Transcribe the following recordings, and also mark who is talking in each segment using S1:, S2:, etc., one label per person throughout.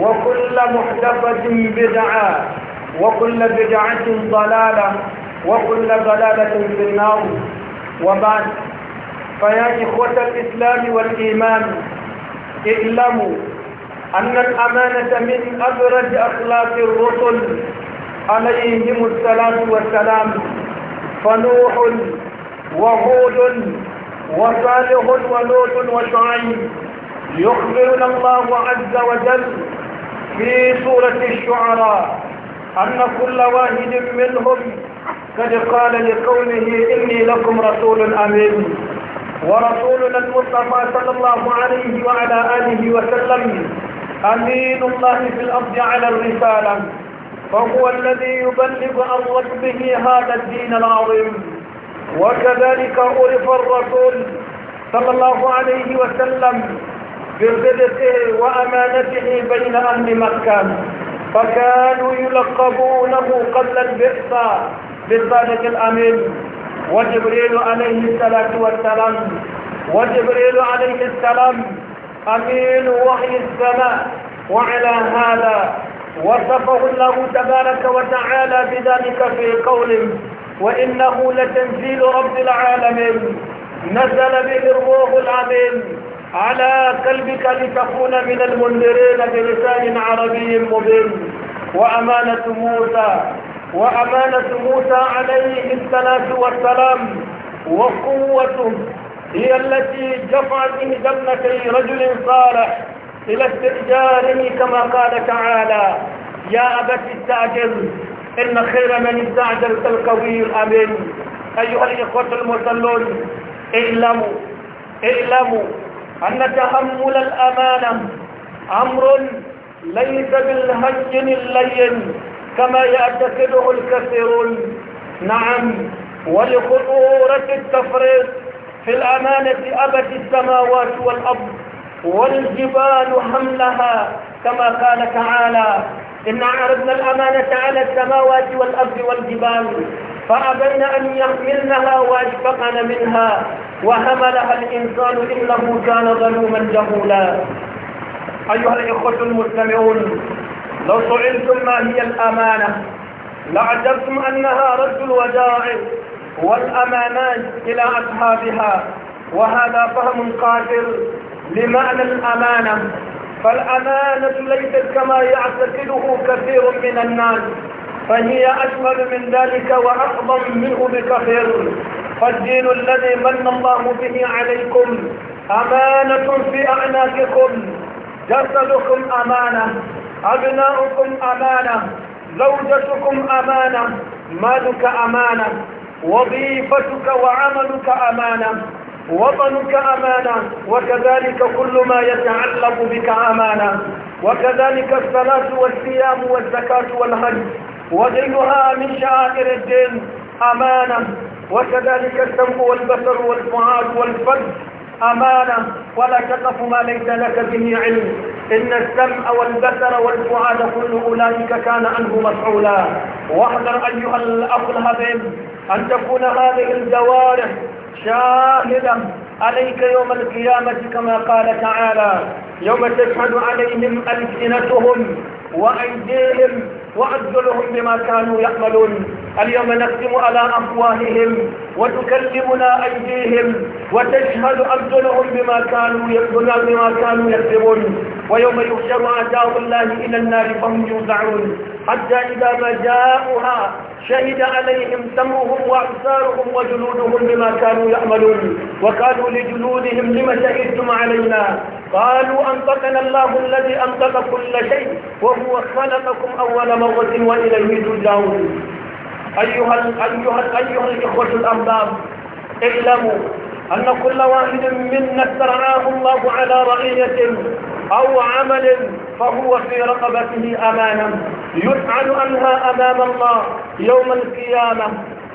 S1: وكل محدثة بدعة وكل بدعة ضلالة وكل ضلالة في النار وبعد فيا إخوة الإسلام والإيمان اعلموا أن الأمانة من أبرز أخلاق الرسل عليهم السلام والسلام فنوح وهود وصالح ولوط وشعيب يخبرنا الله عز وجل في سورة الشعراء أن كل واحد منهم قد قال لقومه إني لكم رسول أمين ورسولنا المصطفى صلى الله عليه وعلى آله وسلم أمين الله في الأرض على الرسالة فهو الذي يبلغ عن به هذا الدين العظيم وكذلك عرف الرسول صلى الله عليه وسلم بصدقه منفتح بين أهل مكة فكانوا يلقبونه قبل البعثة بالصادق الأمين وجبريل عليه الصلاة والسلام وجبريل عليه السلام أمين وحي السماء وعلى هذا وصفه الله تبارك وتعالى بذلك في قوله وإنه لتنزيل رب العالمين نزل به الروح الامين على قلبك لتكون من المنذرين بلسان عربي مبين وأمانة موسى وأمانة موسى عليه الصلاة والسلام وقوته هي التي جفعت دمنتي رجل صالح إلى استئجاره كما قال تعالى يا أبت استعجل إن خير من استعجلت القوي الأمين أيها الإخوة المصلون اعلموا اعلموا أن تحمل الأمانة أمر ليس بالهجن اللين كما يعتقده الكثيرون نعم ولخطورة التفريط في الأمانة أبت السماوات والأرض والجبال حملها كما قال تعالى إن عرضنا الأمانة على السماوات والأرض والجبال فأبين أن يحملنها وأشفقن منها وحملها الإنسان إنه كان ظلوما جهولا أيها الإخوة المستمعون لو سئلتم ما هي الأمانة لعجبتم أنها رد الودائع والأمانات إلى أصحابها وهذا فهم قاتل لمعنى الأمانة فالأمانة ليست كما يعتقده كثير من الناس فهي أشمل من ذلك وأفضل منه بكثير فالدين الذي من الله به عليكم أمانة في أعناقكم جسدكم أمانة أبناؤكم أمانة زوجتكم أمانة مالك أمانة وظيفتك وعملك أمانة وطنك أمانة وكذلك كل ما يتعلق بك أمانة وكذلك الصلاة والصيام والزكاة والهج وغيرها من شعائر الدين أمانة وكذلك السمع والبصر والفؤاد والفرد أمانة ولا تقف ما ليس لك به علم إن السمع والبصر والفؤاد كل أولئك كان عنه مفعولا واحذر أيها الأخ الهبيب أن تكون هذه الجوارح شاهدا عليك يوم القيامة كما قال تعالى يوم تشهد عليهم ألسنتهم وأيديهم وعجلهم بما كانوا يعملون اليوم نختم على أفواههم وتكلمنا أيديهم وتشهد أرجلهم بما كانوا يكذبون بما كانوا يكذبون ويوم يحشر أعداء الله إلى النار فهم يوزعون حتى إذا ما جاءوها شهد عليهم سمعهم وأبصارهم وجلودهم بما كانوا يعملون وقالوا لجلودهم لم شهدتم علينا قالوا أنطقنا الله الذي أنطق كل شيء وهو خلقكم أول مرة وإليه ترجعون أيها أيها أيها الإخوة الأرباب اعلموا أن كل واحد منا استرعاه الله على رعية أو عمل فهو في رقبته أمانا يسعد عنها أمام الله يوم القيامة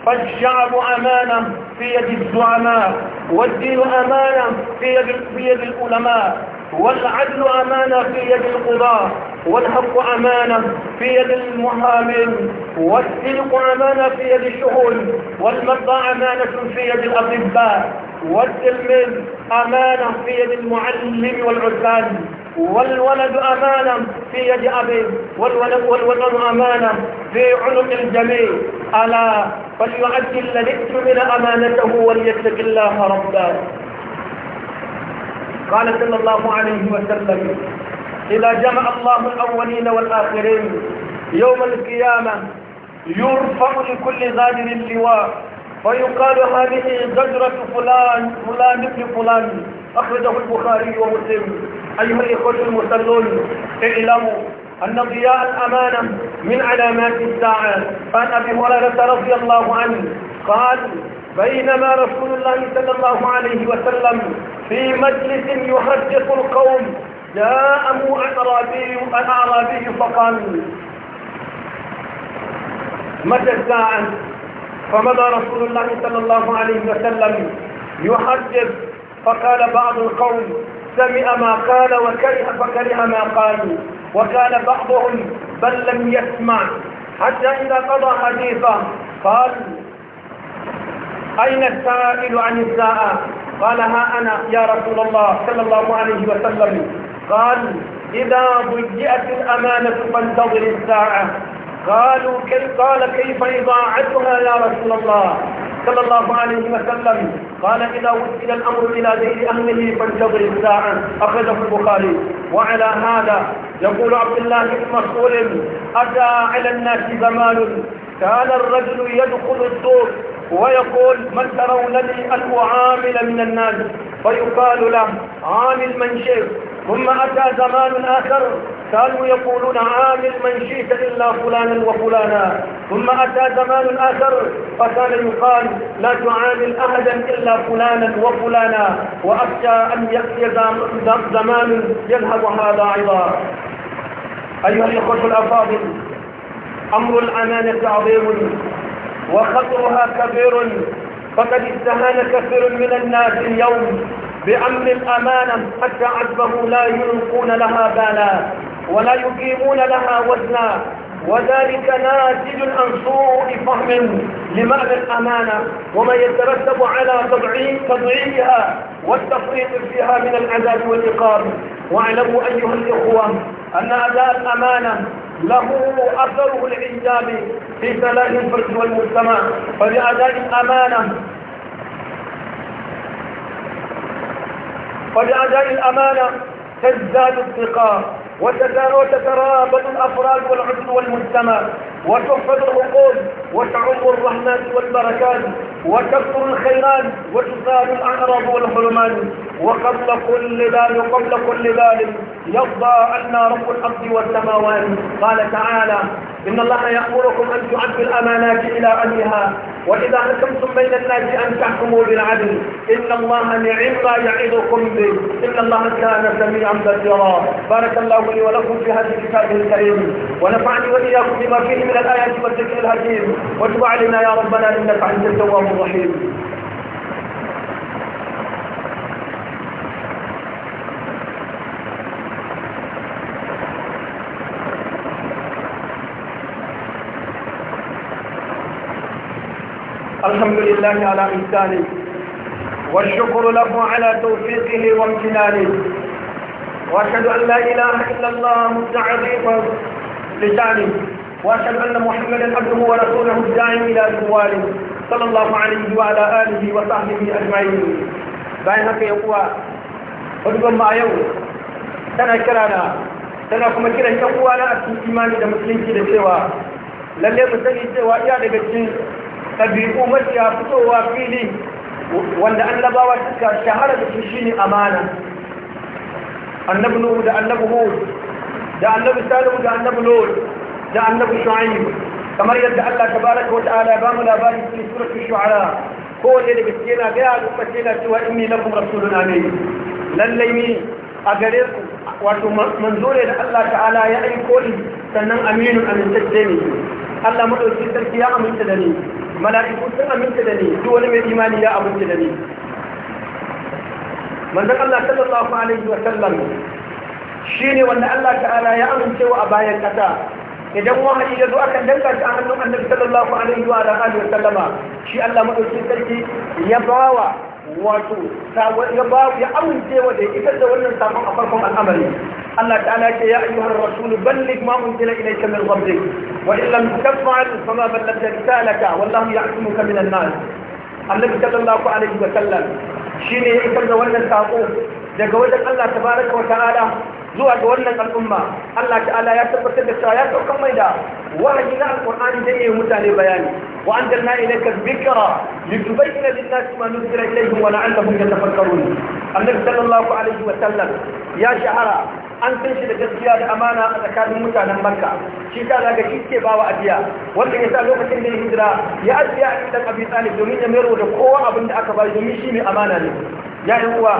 S1: فالشعب أمانة في يد الزعماء والدين أمانة في يد, في يد العلماء والعدل أمانة في يد القضاه والحق أمانة في يد المحامين والسلق أمانة في يد الشهود والمرضى أمانة في يد الأطباء والتلميذ أمانة في يد المعلم والعزال والولد أمانة في يد أبي والولد, والولد أمانة في عنق الجميع ألا فليعدل الذي اؤتمن أمانته وليتق الله ربه قال صلى الله عليه وسلم إذا جمع الله الأولين والآخرين يوم القيامة يرفع لكل غادر اللواء ويقال هذه زجرة فلان فلان ابن فلان أخرجه البخاري ومسلم أيها الإخوة المسلون اعلموا أن ضياء الأمانة من علامات الساعة عن أبي هريرة رضي الله عنه قال بينما رسول الله صلى الله عليه وسلم في مجلس يحدث القوم جاءه أعرابي أعرابي فقال متى الساعة فمضى رسول الله صلى الله عليه وسلم يحدث فقال بعض القوم سمع ما قال وكره فكره ما قالوا وكان بعضهم بل لم يسمع حتى إذا قضى حديثه قال أين السائل عن الساعة قال ها أنا يا رسول الله صلى الله عليه وسلم قال إذا ضجئت الأمانة فانتظر الساعة قالوا كيف قال كيف إضاعتها يا رسول الله صلى الله عليه وسلم قال إذا وصل الأمر إلى غير أهله فانتظر الساعة أخذه البخاري وعلى هذا يقول عبد الله بن مسعود أتى على الناس زمان كان الرجل يدخل السوق ويقول من ترونني أن أعامل من الناس فيقال له عامل من شئت ثم أتى زمان آخر كانوا يقولون عامل من شئت إلا فلانا وفلانا ثم أتى زمان آخر فكان يقال لا تعامل أحدا إلا فلانا وفلانا وأخشى أن يأتي زمان يذهب هذا أيضا أيها الإخوة الأفاضل أمر الأمانة عظيم وخطرها كبير فقد استهان كثير من الناس اليوم بأمر أمانا حتى عزمه لا يلقون لها بالا ولا يقيمون لها وزنا وذلك ناتج عن سوء فهم لمعنى الأمانة وما يترتب على تضعيف تضعيفها والتفريط فيها من العذاب والعقاب واعلموا أيها الإخوة أن أداء الأمانة له أثره الإيجابي في سلاح الفرد والمجتمع فبأداء الأمانة ولأداء الأمانة تزداد الثقة وتترابط الأفراد والعدل والمجتمع وتحفظ الرقود وتعم الرحمات والبركات وتكثر الخيرات وتزال الأعراض والظلمات وقبل كل ذلك وقبل كل ذلك يرضى عنا رب الأرض والسماوات قال تعالى إن الله يأمركم أن تعدوا الأمانات إلى أهلها وإذا حكمتم بين الناس أن تحكموا بالعدل إن الله نعم ما يعظكم به إن الله كان سميعا بصيرا بارك الله لي ولكم في هذا الكتاب الكريم ونفعني وإياكم بما فيه من الآيات والذكر الحكيم وتب علينا يا ربنا إنك أنت التواب الرحيم والحمد لله على إحسانه والشكر له على توفيقه وامتنانه وأشهد أن لا إله إلا الله تعظيما لسانه وأشهد أن محمدا عبده ورسوله الداعي إلى جواله صلى الله عليه وعلى آله وصحبه أجمعين بينما في أقوى kuwa ما يوم سنة كرانا سنة كما tana kuma لا yan إيماني na a cikin imani da musulunci da cewa lalle mu sani ɗabi'u mafiya fitowa fili wanda annabawa suka shahara da su shine amana annabi nuhu da annabi hud da annabi salihu da annabi lut da annabi shu'aib kamar yadda Allah tabaraka wa ta'ala ya bamu labari cikin suratul shu'ara kowanne daga cikin yana ga al'umma ce na cewa inni lakum rasulun amin lallai ni a gare ku wato manzo ne da Allah ta'ala ya aiko ni sannan aminun amintacce ne Allah madauki sarki ya aminta da ni mala'iku sun aminta da ni duk wani mai imani ya aminta da ni manzon Allah sallallahu alaihi wa sallam shine wanda Allah ta'ala ya wa a bayan kasa idan wahayi ya zo akan danka shi a hannun annabi sallallahu alaihi wa alihi wa sallama shi Allah madaukakin sarki ya bawa wato ya bawa ya wa da ita da wannan sabon a farkon al'amari Allah ta'ala ce ya ayyuhar rasul balligh ma unzila ilayka min rabbik wa in lam taf'al fama ballaghta risalata wallahu ya'tumuka min an-nas annabi sallallahu alaihi wa ya da wannan daga wajen Allah tabaraka wa ta'ala zuwa ga wannan al'umma Allah ta'ala ya tabbatar da cewa ya saukan mai da wahayi na alqur'ani da yayin mutane bayani wa anzalna ilayka dhikra litubayyana lin-nasi ma nuzila ilayhim wa la'allahum yatafakkarun annabi sallallahu alaihi wa sallam ya shahara an san shi da gaskiya da amana a tsakanin mutanen makka shi ta zaga shi ke bawa ajiya wanda ya sa lokacin da ya hijira ya ajiya a cikin abi talib domin ya mero da kowa abin da aka bayar domin shi mai amana ne ya yi uwa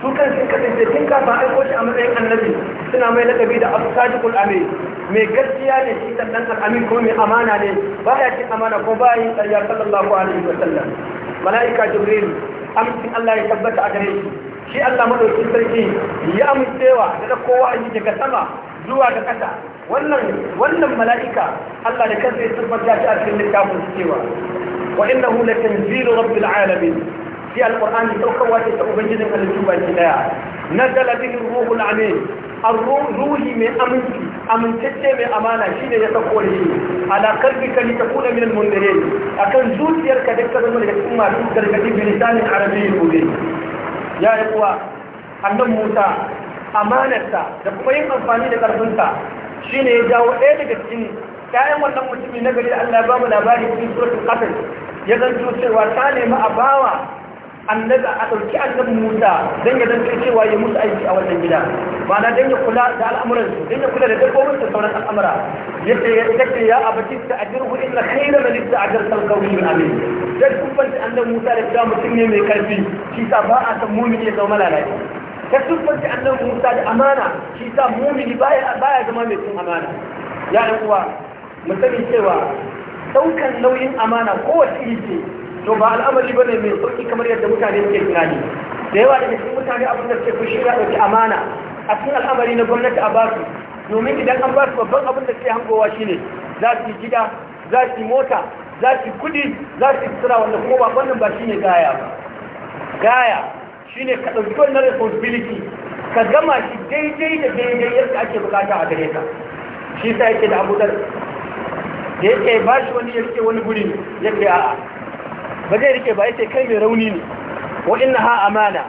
S1: su kan sun kasance tun kafin aiko shi a matsayin annabi suna mai lakabi da abu sadiqul amin mai gaskiya ne shi sannan al'amin kuma mai amana ne ba ya cin amana ko baya yi tsariya sallallahu alaihi wa sallam mala'ika jibril amincin Allah ya tabbata a gare shi shi Allah madaukin sarki ya amincewa da kowa ayi daga sama zuwa ga kasa wannan mala'ika Allah da kansa ya tabbata shi a cikin littafin cewa wa innahu la tanzilu rabbil alamin fi alqur'ani saukarwa ce ta ubangijin halittu baki daya nazala bihi ruhul amin ar-ruhi mai aminci mai amana shi ne ya sauko da shi ala kalbi ka ta kuna min al-mundirin akan zuciyarka da ka zama daga cikin masu gargadi bilisanin arabiyyin gobe ya yi kuwa annan musa amanarsa da kuma yin amfani da ƙarfinsa shi ne ya jawo ɗaya daga cikin ƙayan wannan mutumin na gari da allah Babu ba mu labari cikin suratul ƙasar ya zanto cewa ta nemi a bawa annaba a ɗauki annabi Musa dan ya zanta cewa ya musu aiki a wannan gida ma'ana dan ya kula da al'amuran su dan ya kula da dabbobin su sauran al'amura yace ya take ya abati ta ajruhu inna khayra man ista'jarta al-qawiyyu amin dan kubban annabi Musa da cewa mutum ne mai karfi shi sa ba a san mu'mini ya zama lalaci ta kubban annabi Musa da amana shi sa mu'mini baya baya zama mai cin amana ya ɗan uwa mu sani cewa daukan nauyin amana kowace iri ce to ba al'amari bane mai sauki kamar yadda mutane suke tunani da yawa daga cikin mutane abin da suke fushi da dauki amana a cikin al'amari na gwamnati a basu domin idan an basu babban abin da suke hangowa shine za su yi gida za su yi mota za su yi kudi za su yi tsira wanda kuma ba wannan ba shine gaya ba gaya shine ka ɗauki wannan responsibility ka gama shi daidai da daidai yadda ake bukata a gare ka shi sa yake da abu da yake ba shi wani yake wani guri yake a'a ba zai rike ba ya ce kai mai rauni ne wa inna ha amana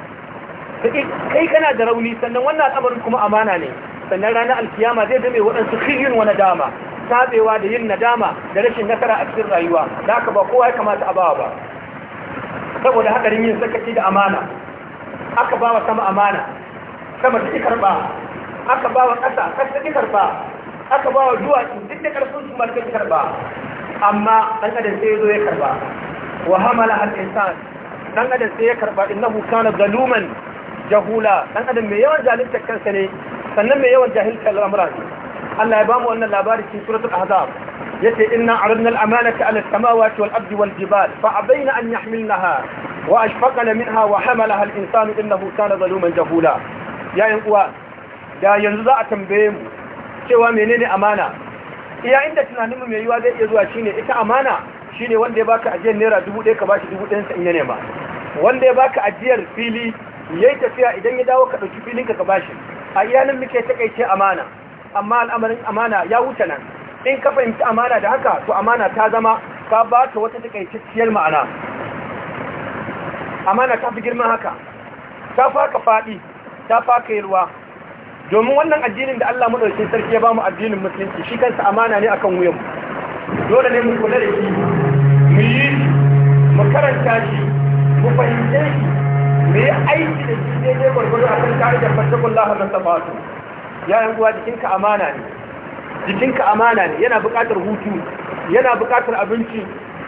S1: kai kana da rauni sannan wannan al'amarin kuma amana ne sannan ranar alkiyama zai zame waɗansu khiyin wa nadama tabewa da yin nadama da rashin nasara a cikin rayuwa da haka ba kowa ya kamata a bawa ba saboda hakarin yin sakaci da amana aka bawa sama amana sama ta karba aka bawa ƙasa ƙasa ta karba aka bawa duwatsu duk da ƙarfin su ma ta karba amma ɗan adam sai ya zo ya karba wa hamala al insan dan adam sai ya karba innahu kana zaluman jahula dan adam mai yawan jahilta kansa ne sannan mai yawan jahilta al'amura ne Allah ya bamu wannan labari cikin suratul ahzab yace inna aradna al-amanata ala as-samawati wal ardi wal jibal fa abaina an yahmilnaha wa ashfaqna minha wa hamalaha al-insanu innahu kana zaluman jahula yayin uwa da yanzu za a tambaye mu cewa menene amana iya inda mu mai yiwa zai iya zuwa shine ita amana ne wanda ya baka ajiyar naira dubu ɗaya ka ba shi dubu ɗayan sa in ya nema wanda ya baka ajiyar fili ya yi tafiya idan ya dawo ka ɗauki filin ka ka ba shi? a iyanin muke takaice amana amma al'amarin amana ya wuce nan in ka fahimci amana da haka to amana ta zama ka ba ta wata takaitacciyar ma'ana amana ta fi girman haka ta faka faɗi ta faka yi ruwa domin wannan addinin da Allah maɗauki sarki ya ba mu addinin musulunci shi kansa amana ne akan wuyan dole ne mu kula da shi mu karanta shi mu fahimce shi mu yi aiki da shi daidai gwargwado a kan tare da fattakun lahar na sabatu ya yi uwa jikinka amana ne jikinka amana ne yana buƙatar hutu yana buƙatar abinci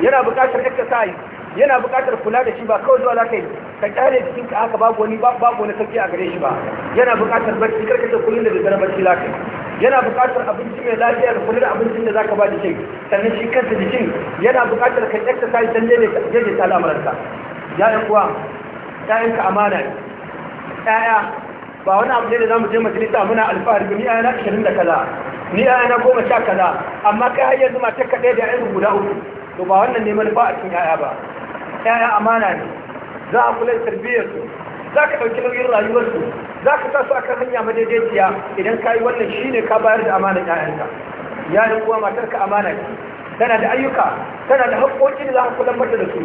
S1: yana buƙatar exercise yana buƙatar kula da shi ba kawai zuwa za ka yi ka kyale jikinka aka babu wani babu wani sauki a gare shi ba yana buƙatar barci karkata kullum da daddare barci za ka yi yana bukatar abinci mai lafiya da kula da abincin da zaka ba jikin sannan shi kansa jikin yana buƙatar ka exercise dan jeje ta al'amuranka ya ɗan uwa ka amana ne ƴaƴa ba wani abu ne da zamu je majalisa muna alfahari ba ni ƴaƴa na shirin da kaza ni ƴaƴa na goma sha kaza amma kai har yanzu matar ka ɗaya da ƴaƴan guda uku to ba wannan neman manufa a cikin ƴaƴa ba Yaya amana ne za a kula da tarbiyyarsu za ka ɗauki nauyin rayuwarsu za ka sa su hanya madaidaiciya idan ka yi wannan shi ne ka bayar da amanar ƴaƴanka ya yi kuwa matarka amanar tana da ayyuka tana da haƙoƙi da za ka kula da su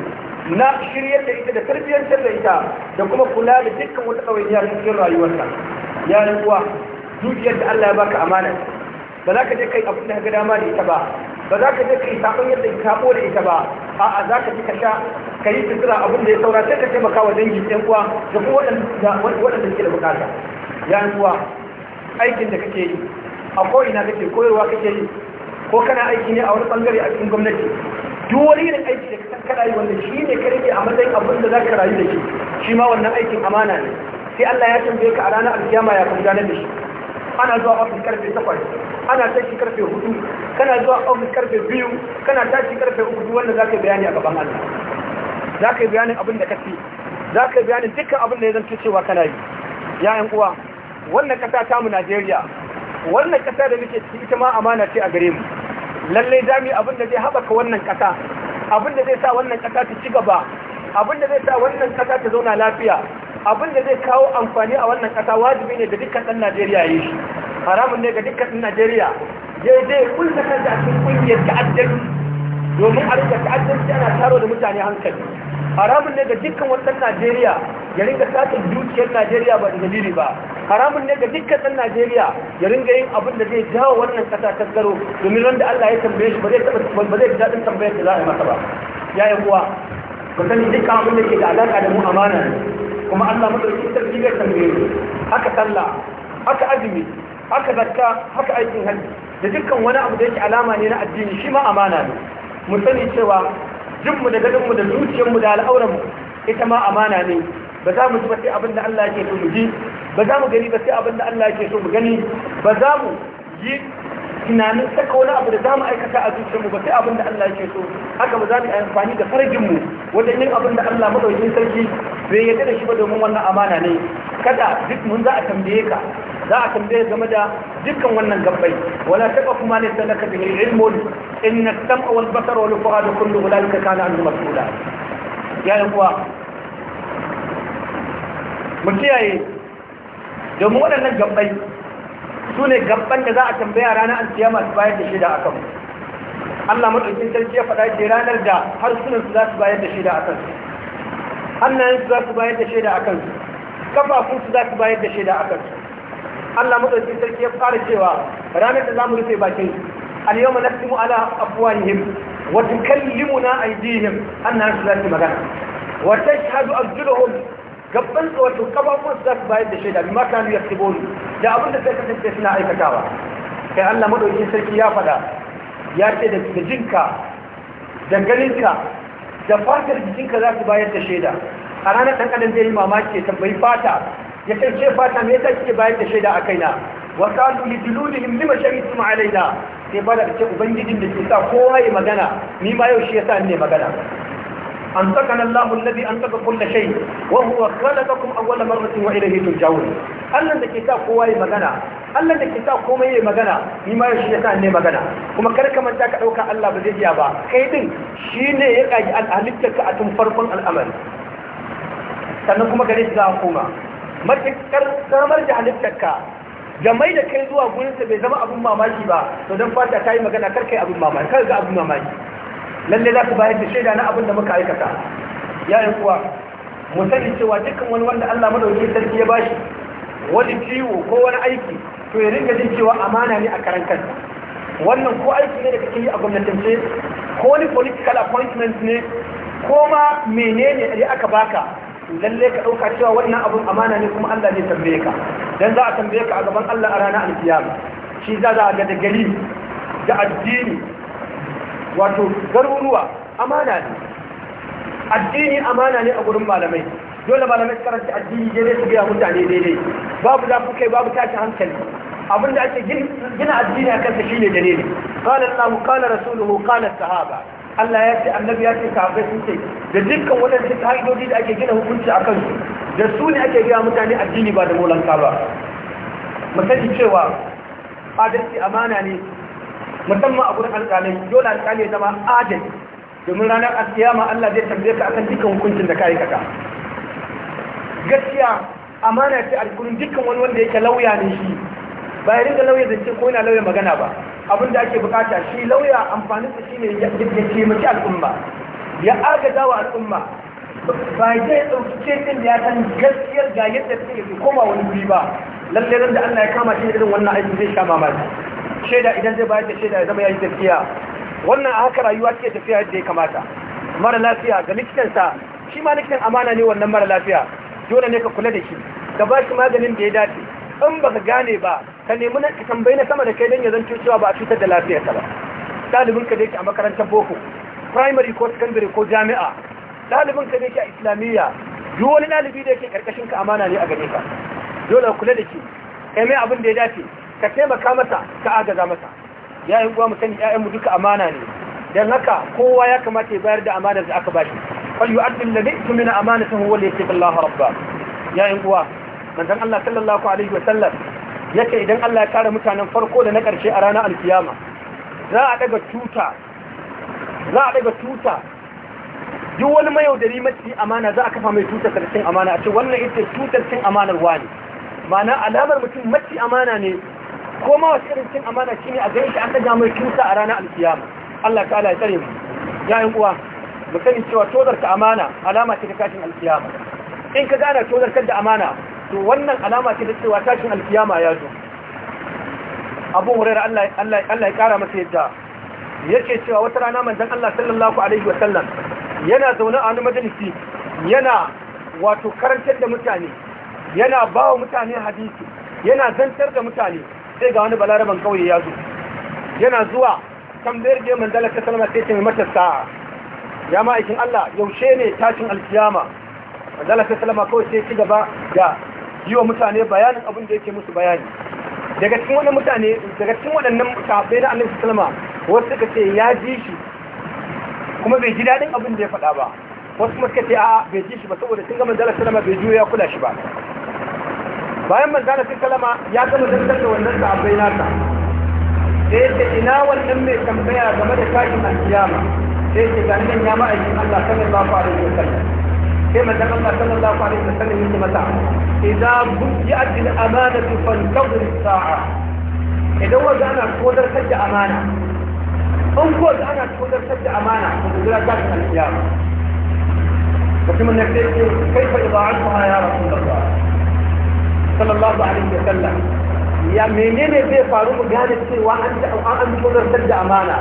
S1: na shiryar da ita da tarbiyyantar da ita da kuma kula da dukkan wata ɗawainiya cikin rayuwarka ya yi kuwa dukiyar da Allah ya baka amana ba za ka je kai abin da ka dama da ita ba ba za ka je kai sakon yadda ka kabo da ita ba a'a za ka ji ka sha ka yi sutura abin da ya saura sai ka taimaka wa dangin ɗan uwa da kuma waɗanda suke da bukata ya uwa aikin da kake yi a ko'ina kake koyarwa kake yi ko kana aiki ne a wani bangare a cikin gwamnati duk wani irin aiki da kasan kada yi wanda shi ne ka rike a matsayin abin da za ka rayu da shi shi ma wannan aikin amana ne sai Allah ya tambaye ka a ranar alkiyama ya kuma gudanar da shi ana zuwa ofis karfe takwas ana tashi karfe hudu kana zuwa ofis karfe biyu kana tashi karfe hudu, wanda za ka bayani a gaban Allah za ka yi bayanin abin da ka fi za ka yi bayanin dukkan abin da ya zanto cewa kana yi yayan uwa wannan kasa mu Najeriya wannan kasa da muke ciki ita ma amana ce a gare mu lallai dami abin da zai haɓaka wannan kasa abin da zai sa wannan kasa ta ci gaba abin da zai sa wannan kasa ta zauna lafiya abin da zai kawo amfani a wannan ƙasa wajibi ne da dukkan ɗan Najeriya yi shi haramun ne ga dukkan ɗan Najeriya zai zai kunta kanta a cikin ƙungiyar ta'addanci domin a rika ta'addanci ana taro da mutane hankali haramun ne ga dukkan wannan Najeriya ya ringa satin dukiyar Najeriya ba da dalili ba haramun ne ga dukkan ɗan Najeriya ya ringa yin abin da zai jawo wannan ƙasa tasgaro domin wanda Allah ya tambaye shi ba zai taɓa ba zai ji daɗin tambayar da za a yi masa ba ya yi kuwa ku sani dukkan abin da ke da alaƙa da mu amana kuma Allah madaukakin sarki zai tambaye mu haka sallah haka azumi haka zakka haka aikin hajji da dukkan wani abu da yake alama ne na addini shi ma amana ne mu sani cewa jinmu da mu da mu da al'auran mu, ita ma amana ne ba za mu ji ba sai abin da Allah yake so mu ji ba za mu gani ba sai abin da Allah yake so mu gani ba za mu yi tunanin saka wani abu da za mu aikata a zuciyarmu ba sai abin da Allah yake so haka ba za mu yi amfani da mu wajen yin abin da Allah madaukakin sarki bai yarda da shi ba domin wannan amana ne kada duk mun za a tambaye ka za a tambaye game da dukkan wannan gabbai wala taba kuma ne sanaka bihi ilmun inna sam'a wal basara wal fu'ada kullu ulaika kana an mas'ula ya yan uwa mu kiyaye domin waɗannan gabbai su ne gaban da za a tambaya ranar alkiyama masu bayar da shida a kanmu Allah madaukin sarki ya faɗa ce ranar da harsunan su za su bayar da shida a kansu Hannayensu za su bayar da shida a kansu kafafun za su bayar da shida a kansu Allah madaukin sarki ya fara cewa ranar da za mu rufe bakin al yawma nasimu ala afwahihim wa tukallimuna aydihim hannayen su za su magana wa tashhadu arjuluhum gabban wato kafafuwan za su bayar da shaida bima kanu yaktubun da abin da sai ka kasance suna aikatawa kai Allah madaukin sarki ya faɗa ya ce da jinka da ganinka da fatar jikinka za su bayar da shaida a ranar ɗan adam zai yi mamaki ya tambayi fata ya kai ce fata me yasa kike bayar da shaida a kaina wa qalu li dululihim lima shahidtum alaina sai ba da ce ubangijin da ke sa kowa ya magana ni ma yau shi ya yasa ne magana أنطقنا الله الذي أنطق كل شيء وهو خلقكم أول مرة وإليه ترجعون Allah da ke sa kowa ya magana Allah da ke sa komai ya magana ni ma shi ya sa magana kuma kar ka manta ka dauka Allah ba zai iya ba kai din shine ya kaji alhalittar ka a tun farkon sannan kuma za da ka da mai da kai zuwa gurinsa bai zama abin mamaki ba to don fata ta yi magana kar kai abin mamaki kar ga abin mamaki lalle za ku bayar da shaida na abin da muka aikata ya yi kuwa mu sani cewa dukkan wani wanda Allah madauki sarki ya bashi wani ciwo ko wani aiki to ya rinka jin cewa amana ne a karan kansa wannan ko aiki ne da kake yi a gwamnatance ko wani political appointment ne ko ma menene ne aka baka lalle ka dauka cewa wannan abun amana ne kuma Allah zai tambaye ka dan za a tambaye ka a gaban Allah a ranar alkiyama shi za a ga da gari da addini wato garuruwa amana ne addini amana ne a gurin malamai dole malamai karanta addini daidai su biya mutane daidai babu za kai babu tashi hankali abin da ake gina addini a kansa shine dalili qala Allah qala rasuluhu qala sahaba Allah ya ce annabi ya ce sahabbai sun ce da dukkan waɗansu ka'idodi da ake gina hukunci a kansu da su ne ake gaya mutane addini ba da molanka ba mu sani cewa adalci amana ne musamman a gudun alƙalai dole alƙalai ya zama adil domin ranar asiyama Allah zai tambaye ka akan dukkan hukuncin da ka yi kaka gaskiya amana ce a gurin dukkan wani wanda yake lauya ne shi ba ya rinka lauya zance ko yana lauya magana ba abin da ake bukata shi lauya amfanin sa shine ya taimaki al'umma ya agaza wa al'umma ba ya zai ɗauki cikin da ya san gaskiyar ga yadda fi koma wani biyu ba lallai da Allah ya kama shi irin wannan aiki zai sha mamaki shaida idan zai bayar da shaida ya zama ya yi tafiya wannan a haka rayuwa ke tafiya yadda ya kamata mara lafiya ga likitansa shi ma likitan amana ne wannan mara lafiya dole ne ka kula da shi ka ba shi maganin da ya dace in ba ka gane ba ka nemi ka tambayi na sama da kai don ya zanto cewa ba a cutar da lafiyarsa ba ɗalibin ka dai ke a makarantar boko primary ko secondary ko jami'a ɗalibin ka dai ke a islamiyya duk wani ɗalibi da yake karkashin ka amana ne a gare ka dole kula da shi kai mai abin da ya dace ka taimaka mata ka agaza mata ya yi uwa mu sani mu duka amana ne don haka kowa ya kamata ya bayar da amanar da aka bashi addin da alladhi tumina amanatahu wa yattaqi Allah rabba ya yi uwa manzon Allah sallallahu alaihi wa sallam ce idan Allah ya kare mutanen farko da na karshe a ranar alkiyama za a daga tuta za a daga tuta duk wani mayaudari mace amana za a kafa mai tutar sarkin amana a ce wannan ita tutar cin amanar wani ma'ana alamar mutum mace amana ne ko ma wasu irin cin amana ne a gani shi an ta mai kusa a ranar alkiyama Allah Ta ala ya tsare mu ya yin uwa mu sani cewa tozarta amana alama ce ta tashin alkiyama in ka gana tozartar da amana to wannan alama ce ta cewa tashin alkiyama ya zo abu hurairar Allah ya kara masa yadda ya ce cewa wata rana manzan Allah sallallahu alaihi wasallam yana zaune a wani majalisi yana wato karantar da mutane yana ba wa mutane hadisi yana zantar da mutane sai ga wani balaraban kawai ya zo yana zuwa tambayar da man dalaka sallama sai ce mai mata sa'a ya ma'aikin Allah yaushe ne tashin alkiyama man dalaka salama kawai sai ci gaba da yiwa mutane bayanin abin da yake musu bayani daga cikin wannan mutane daga cikin waɗannan sahabbai na annabi salama wasu suka ce ya ji shi kuma bai ji daɗin abin da ya faɗa ba wasu kuma suka ce a'a bai ji shi ba saboda sun ga manzala salama bai juya kula shi ba bayan manzana fi kalama ya gama zartar da wannan sa'abai nasa sai yake ina wannan mai tambaya game da kashin alkiyama sai yake ga nan ya ma'aikin Allah sallallahu alaihi wa sallam sai manzon Allah sallallahu alaihi wa sallam yake mata idza buqi'at al amana fantazir as-sa'a idan wanda ana kodar da amana in ko da ana kodar da amana ko da kashin alkiyama mutumin ne sai kai fa idza'atuha ya rasulullah sallallahu alaihi wa sallam ya menene zai faru mu gane cewa an an tozartar da amana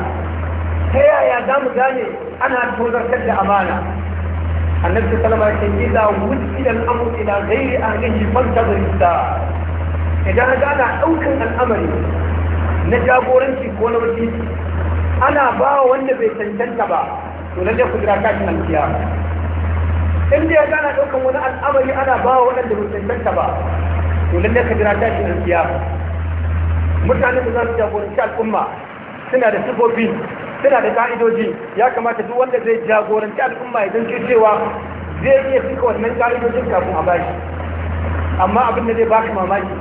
S1: ta yaya za mu gane ana tozartar da amana annabi sallallahu alaihi wa sallam ya ce ila idan ga ana daukan al'amari na jagoranci ko na ana ba wanda bai cancanta ba to in da gana ɗaukar wani al'amari ana ba wa waɗanda bai cancanta ba to lalle ka jira tashi an kiyama mutane da za su jagoranci al'umma suna da sifofi suna da ka'idoji ya kamata duk wanda zai jagoranci al'umma idan ke cewa zai iya cika wannan ka'idojin kafin a bashi amma abin da zai baka mamaki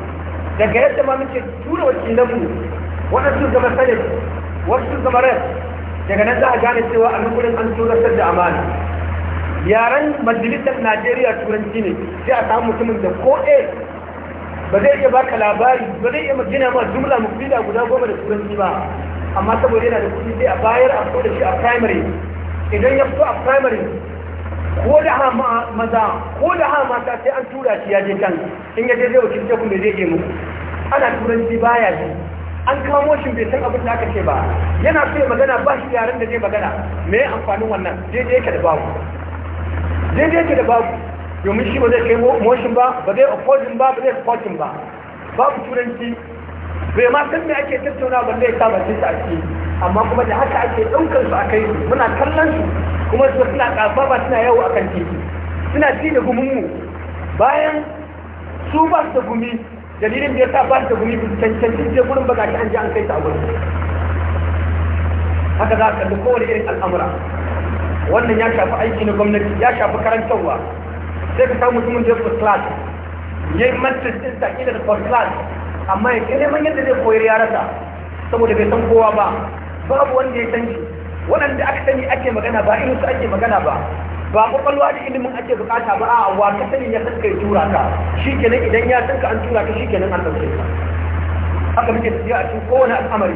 S1: daga yadda ma muke tura wakilanmu waɗansu zama sanin wasu zama rai daga nan za a gane cewa a nan an sar da amana yaren majalisar najeriya turanci ne sai a samu mutumin da ko a ba zai iya baka labari ba zai iya gina ma jumla da guda goma da turanci ba amma saboda yana da kuɗi sai a bayar a fito da shi a primary idan ya fito a primary ko da ha maza ko da ha mata sai an tura shi ya je can in ya je zai wakil jakun da zai je muku ana turanci baya ji an kamo shi bai san abin da aka ce ba yana so ya magana ba shi yaren da zai magana me amfanin wannan daidai yake da babu daidai yake da babu domin shi ba zai kai moshin ba ba zai opposing ba ba zai supporting ba babu turanci bai ma san me ake tattauna ba zai sa bakin sa ake amma kuma da haka ake daukar su akai muna kallon su kuma su suna kafa ba suna yawo akan titi suna ci da gumin mu bayan su ba su da gumi dalilin da ya sa ba su da gumi cancancin je gurin ba an je an kai ta gurin haka za a kalli kowane irin al'amura wannan ya shafi aiki na gwamnati ya shafi karantarwa sai ka samu mutumin da ya first class ya yi mantis ɗin ta da first class amma ya ke neman yadda zai koyar ta saboda bai san kowa ba babu wanda ya san shi waɗanda aka sani ake magana ba irin su ake magana ba ba kwakwalwa da ilimin ake bukata ba a wa ka sani ya san kai tura ka shi nan idan ya san ka an tura ka shi nan an ɗauke ka haka muke tafiya a cikin kowane al'amari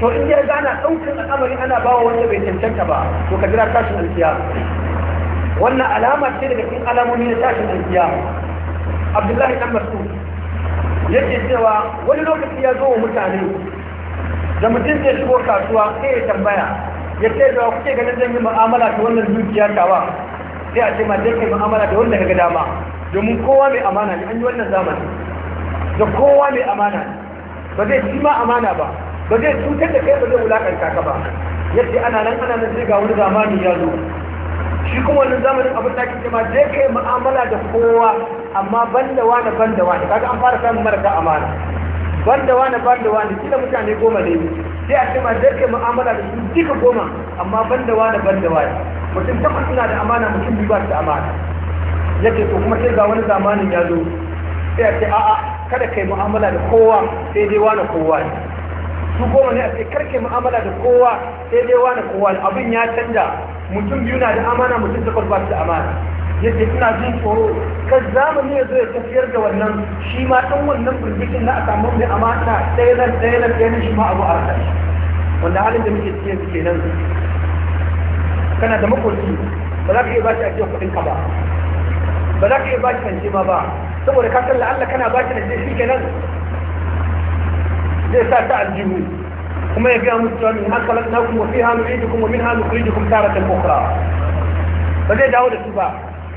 S1: to in ya gana ɗaukar al'amari ana ba wa wanda bai cancanta ba to ka jira tashin alkiya wannan alama ce daga cikin alamomi na tashin alkiya abdullahi dan masu yake cewa wani lokaci ya zo wa mutane da mutum zai shigo kasuwa sai ya tambaya ya ce da kuke ganin zan yi mu'amala da wannan dukiya tawa sai a ce ma zai kai mu'amala da wanda kaga dama domin kowa mai amana ne an yi wannan zamani da kowa mai amana ne ba zai ci ma amana ba ba zai cutar da kai ba zai wulakanta ka ba yadda ana nan ana nan sai ga wani zamani ya zo shi kuma wannan zamanin abin da ake ma zai kai mu'amala da kowa amma banda wani banda wani kaga an fara samun marasa amana banda wani banda wani kila mutane goma ne sai a ce ma zai kai mu'amala da su duka goma amma banda wani banda wani mutum takwas suna da amana mutum biyu ba su amana yake to kuma sai ga wani zamanin ya zo sai a ce a'a kada kai mu'amala da kowa sai dai wani kowa ne su goma ne a ce kar mu'amala da kowa sai dai wani kowa ne abin ya canja mutum biyu na da amana mutum takwas ba su da amana yadda ina jin tsoro kan zamani ya zo ya tafiyar da wannan shi ma ɗan wannan birgitin na a samu mai amana ɗaya nan ɗaya nan ɗaya nan shi ma abu a rasa shi wanda halin da muke cikin suke nan kana da makoci ba za ka iya bashi ajiyar kuɗin ka ba ba za ka iya bashi kanci ma ba saboda ka san la'alla kana bashi da shi ke nan, zai sa ta aljihu kuma ya gaya musu cewa min haka lantakum wa fiha nu'idukum wa minha nukhrijukum taratan ukhra ba zai dawo da su ba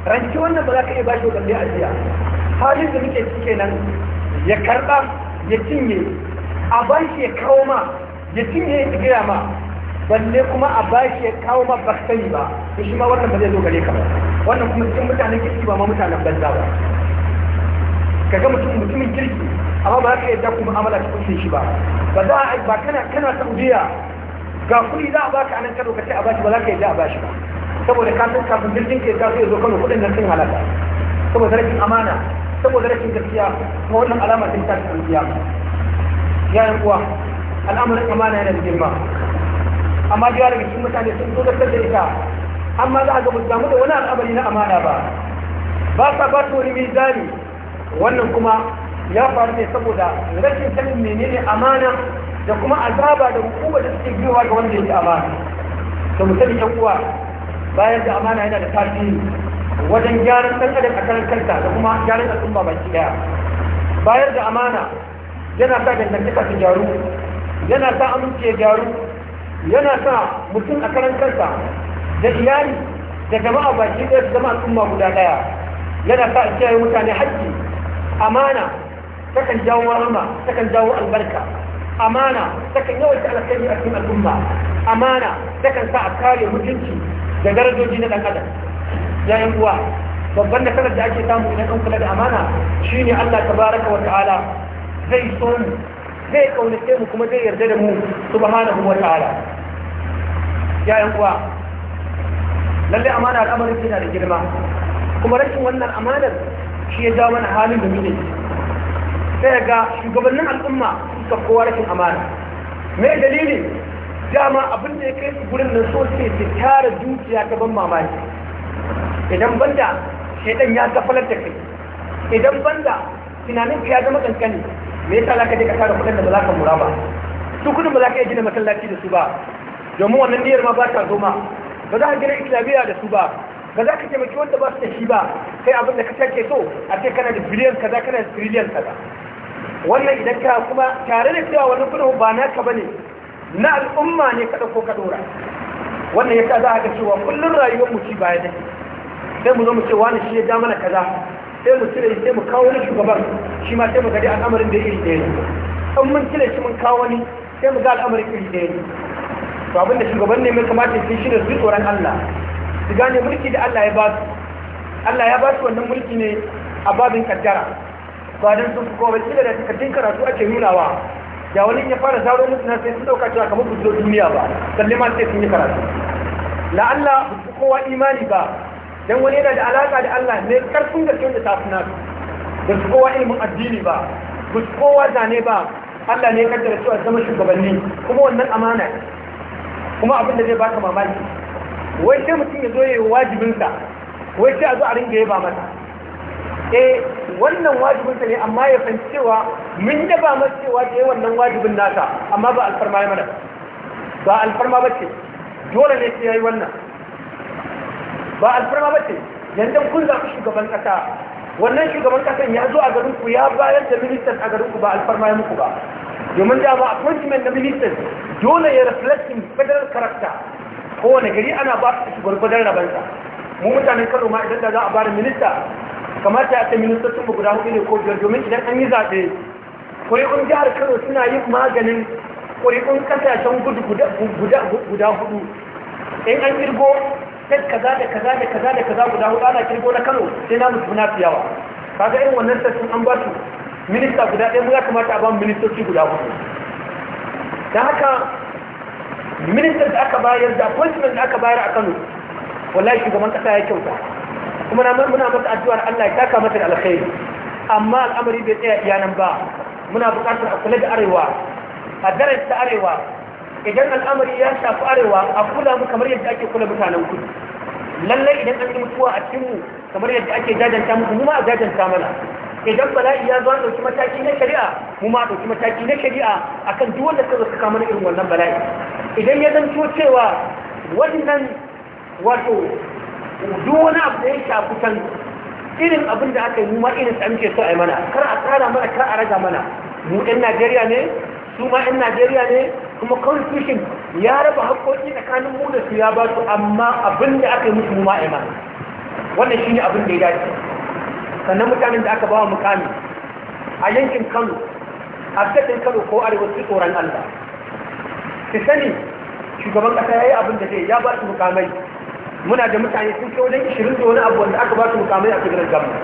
S1: ranci wannan ba za ka iya ba wa gambe ajiya halin da muke cike nan ya karba ya cinye a bashi ya kawo ma ya cinye ya gaya ma balle kuma a bashi ya kawo ma ba sani ba to shi ma wannan ba zai zo gare ka ba wannan kuma cikin mutanen kirki ba ma mutanen banza ba kaga mutum mutumin kirki amma ba ka yadda ku mu'amala ta kuɗin shi ba ba za a ba kana kana saudiya ga kuɗi za a baka anan kano ka lokaci a bashi ba za ka yadda a bashi ba saboda ka san kafin jirgin ke ka zo kano kuɗin nan sun halaka saboda rashin amana saboda rashin gaskiya kuma wannan alama sun tashi gaskiya yayan uwa al'amarin amana yana da girma amma da yawa daga cikin mutane sun zo da ita amma za a ga musamu da wani al'amari na amana ba ba sa ba ta wani mizani wannan kuma ya faru ne saboda rashin sanin menene amana da kuma azaba da hukuma da suke biyowa ga wanda yake amana da mu sani yan uwa bayan da amana yana da tasiri wajen gyaran ɗan adam a karan kanta da kuma gyaran al'umma baki ɗaya bayar da amana yana sa dangantaka ta gyaru yana sa aminci ya gyaru yana sa mutum a karan kansa da iyali da jama'a baki ɗaya su zama al'umma guda ɗaya yana sa a kiyaye mutane haƙƙi amana takan jawo rahma takan jawo albarka amana takan yawaita alkhairi a cikin al'umma amana takan sa a kare mutunci da darajoji na dan adam yayin uwa babban nasarar da ake samu idan an kula da amana shine Allah tabaraka wa ta'ala zai so mu zai kaunace mu kuma zai yarda da mu subhanahu wa ta'ala yayin uwa lalle amana al'amarin yana da girma kuma rashin wannan amanar shi ya jawo mana halin da muke sai ga shugabannin al'umma suka kowa rashin amana me dalili dama abin da ya kai su gurin nan so ce su tara dukiya ta ban mamaki idan banda shaidan ya kafalar da kai idan banda tunanin ya zama kankani me yasa za ka je ka tara kudin da ba za ka mura ba su kudin ba za ka iya gina masallaci da su ba domin wannan niyyar ma ba ta zo ma ba za ka gina islamiyya da su ba ba za ka taimaki wanda ba su da shi ba kai abin da ka sake so a ce kana da biliyan kaza kana da triliyan kaza wannan idan ka kuma tare da cewa wani kudin ba na ka bane na al'umma ne ka dauko ka ɗora wannan ya sa za a ga cewa kullum rayuwar mu ci baya dai sai mu zo mu ce wani shi ya ja mana kaza sai mu cire sai mu kawo ni shugaban shi ma sai mu gadi al'amarin da iri ɗaya ne in mun cire shi mun kawo ni sai mu ga al'amarin iri ɗaya ne to abin da shugaban ne mai kamata ya shi ne su tsoron Allah su gane mulki da Allah ya ba su Allah ya ba su wannan mulki ne a babin kaddara ba don sun fi kowa kila da takardun karatu ake nunawa ya wani ya fara zaro musu na sai sun dauka cewa kamar su zo duniya ba balle ma sai sun yi karatu la'alla ba su kowa imani ba dan wani yana da alaka da Allah ne karfin da wanda ta suna ba su kowa ilimin addini ba ba su kowa zane ba Allah ne ya kaddara cewa zama shugabanni kuma wannan amana kuma abin da zai baka mamaki wai sai mutum ya zo ya yi wajibinsa wai sai a zo a ringa yaba masa eh wannan wajibin sa ne amma ya fahimci cewa mun daba masa cewa da wannan wajibin nasa amma ba alfarma ya mana ba alfarma ba ce dole ne sai yayi wannan ba alfarma ba ce yanzu kun zaɓi shugaban kasa, wannan shugaban kasan ya zo a garin ku ya bayar da ministan a garin ku ba alfarma ya muku ba domin da ba appointment na ministan dole ya reflecting federal character kowane gari ana ba su shugaban rabansa mu mutanen kano ma idan da za a ba da minista kamata a sami ministocin ba guda hudu ne ko biyar domin idan an yi zaɓe ƙuri'un jihar kano suna yin maganin ƙuri'un ƙasashen gudu guda hudu in an kirgo sai kaza da kaza da kaza da kaza guda hudu ana kirgo na kano sai na musu na fiyawa kaga irin wannan sassun an ba su minista guda ɗaya mu ya kamata a ba ministoci guda hudu Da haka ministan da aka bayar da appointment da aka bayar a kano wallahi shugaban kasa ya kyauta kuma muna mata addu'ar Allah ya taka mata da alkhairi amma al'amari bai tsaya nan ba muna buƙatar a kula da arewa a darasta arewa idan al'amari ya shafi arewa a kula mu kamar yadda ake kula mutanen kudu lallai idan an yi mutuwa a cikin mu kamar yadda ake jajanta muku mu ma a jajanta mana idan bala'i ya a ɗauki mataki na shari'a mu ma ɗauki mataki na shari'a akan duk wanda suka saka mana irin wannan bala'i idan ya zanto cewa wannan wato duk wani abu da ya shafi can irin abin da aka yi mu ma irin sa muke a yi mana kar a tsara mana kar a raga mana mu ɗan Najeriya ne su ma ɗan Najeriya ne kuma constitution ya raba haƙƙoƙi tsakanin mu da su ya ba su amma abin da aka yi musu mu ma a yi mana wannan ne abin da ya dace sannan mutanen da aka ba wa mukami a yankin Kano a daɗin Kano ko arewa su tsoron Allah su sani shugaban ƙasa ya yi abin da zai ya ba su mukamai muna da mutane sun kai wajen ishirin da wani abu wanda aka ba su mukamai a tsibirin government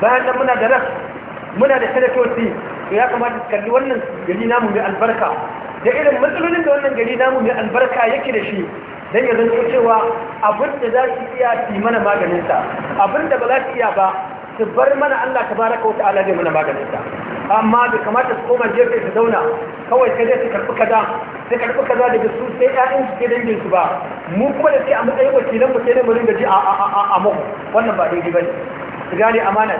S1: bayan nan muna da rak muna da senatoci to ya kamata su kalli wannan gari namu mai albarka da irin matsalolin da wannan gari namu mai albarka yake da shi don ya zanto cewa abin da za su iya fi mana maganinsa abin da ba za su iya ba su bar mana Allah ta baraka wata ala zai mana maganin ta amma da kamata su koma gefe su zauna kawai ka zai su karɓi kaza su karɓi kaza daga su sai ƴaƴan su ke dangin su ba mu kuma da sai a matsayin wakilan mu sai ne mu ringa ji a muku. a mu wannan ba daidai bane su gane amana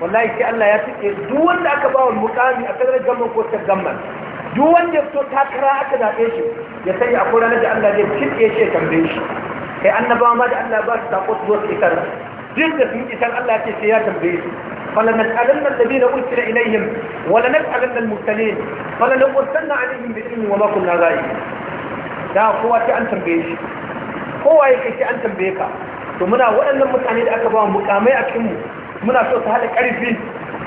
S1: wallahi sai Allah ya tuke duk wanda aka ba wa mukami a kadar gamman ko ta gamman duk wanda ya fito takara aka zaɓe shi ya sani a ranar da Allah zai tuke shi ya tambaye shi kai annabawa ma da Allah ba su sako su zo su isar duk da sun isan Allah ke sai ya tambaye su فلنسألن الذين أرسل إليهم ولنسألن المرسلين فلنقرسن عليهم wa وما كنا غائبين da kowa ce an tambaye shi kowa ya kai an tambaye ka to muna waɗannan mutane da aka ba mu mukamai a cikinmu muna so su haɗa ƙarfi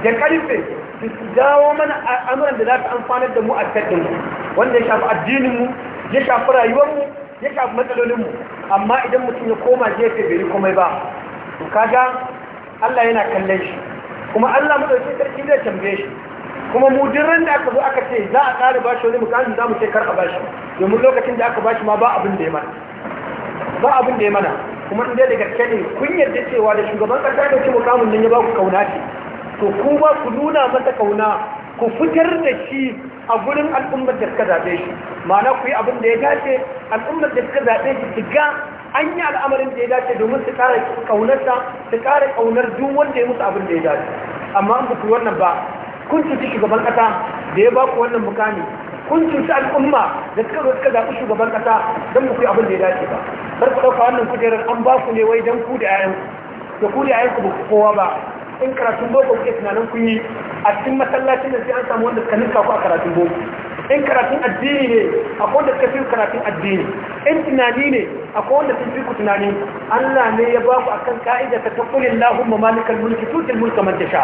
S1: da ƙarfe su dawo mana al'amuran da za su amfanar da mu a tattalin wanda ya shafi addininmu ya shafi mu, ya shafi matsalolinmu amma idan mutum ya koma gefe bai yi komai ba to kaga Allah yana kallon shi kuma Allah madaukakin sarki zai tambaye shi kuma mu da aka zo aka ce za a ƙara bashi wani mukamin za mu ce kar a bashi domin lokacin da aka bashi ma ba abin da ya mana ba abin da ya mana kuma inda da gaske ne kun yarda cewa da shugaban ƙasa da ce mukamin nan ya ba ku kauna ce to ku ba ku nuna mata kauna ku fitar da shi a gurin al'ummar da suka zaɓe shi ma'ana ku yi abin da ya dace al'ummar da suka zaɓe shi su an yi al'amarin da ya dace domin su kara kaunarsa su kara kaunar duk wanda ya musu abin da ya dace amma an buku wannan ba kun cuci shugaban kasa da ya baku wannan mukami kun cuci al'umma da suka zo suka zaɓi shugaban kasa don ku abin da ya dace ba kar ku ɗauka wannan kujerar an ba ku ne wai don ku da 'ya'yanku da ku da 'ya'yanku ba ku kowa ba in karatun boko kuke tunanin kun yi a cikin masallacin da sai an samu wanda suka ninka ku a karatun boko in karatun addini ne a wanda suka fi karatun addini in tunani ne a wanda sun fi ku tunani Allah ne ya ba ku akan ka'ida ta taqulil lahumma malikal mulki tutil mulka man sha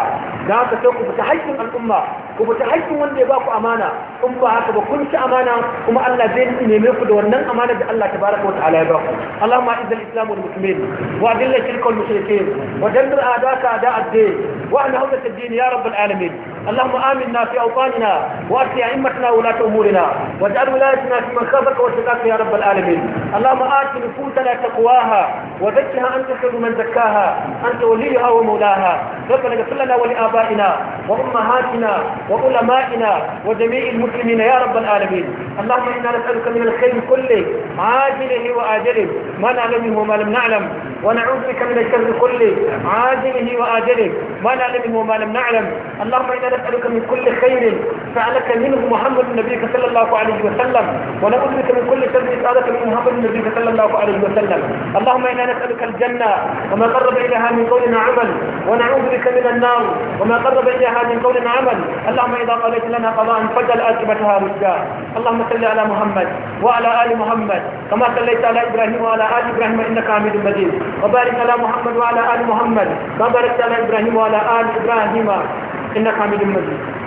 S1: na haka sai ku fita haƙƙin al'umma ku fita haƙƙin wanda ya ba ku amana in ba haka ba kun ci amana kuma Allah zai neme ku da wannan amana da Allah tabaraka wa ta'ala ya ba ku Allahumma izzil islam wal musulmin wa adilla shirka wal wa dammir a'daka da addini din wa ahna hawla ad-din ya rabbal alamin اللهم آمنا في أوطاننا وأصلح أئمتنا ولاة ولاة أمورنا واجعل ولايتنا في من خافك واتقاك يا رب العالمين اللهم آت نفوسنا تقواها وزكها أنت خير من زكاها أنت وليها ومولاها ربنا اغفر لنا ولآبائنا وأمهاتنا وعلمائنا وجميع المسلمين يا رب العالمين اللهم إنا نسألك من الخير كله عاجله وآجله ما نعلم وما لم نعلم ونعوذ بك من الشر كله عاجله وآجله ما نعلم وما لم نعلم اللهم إنا نسألك من كل خير فعلك منه محمد النبي صلى الله عليه وسلم ونعوذ بك من كل شر سألك من محمد النبي صلى الله عليه وسلم اللهم إنا نسألك الجنة وما قرب إليها من قول عمل ونعوذ بك من النار وما قرب إليها من قول عمل اللهم إذا قضيت لنا قضاء فجل آجبتها رجاء اللهم صل على محمد وعلى آل محمد كما صليت على إبراهيم وعلى آل إبراهيم إنك حميد مجيد وبارك على محمد وعلى آل محمد كما باركت على إبراهيم وعلى آل إبراهيم إنك حميد مجيد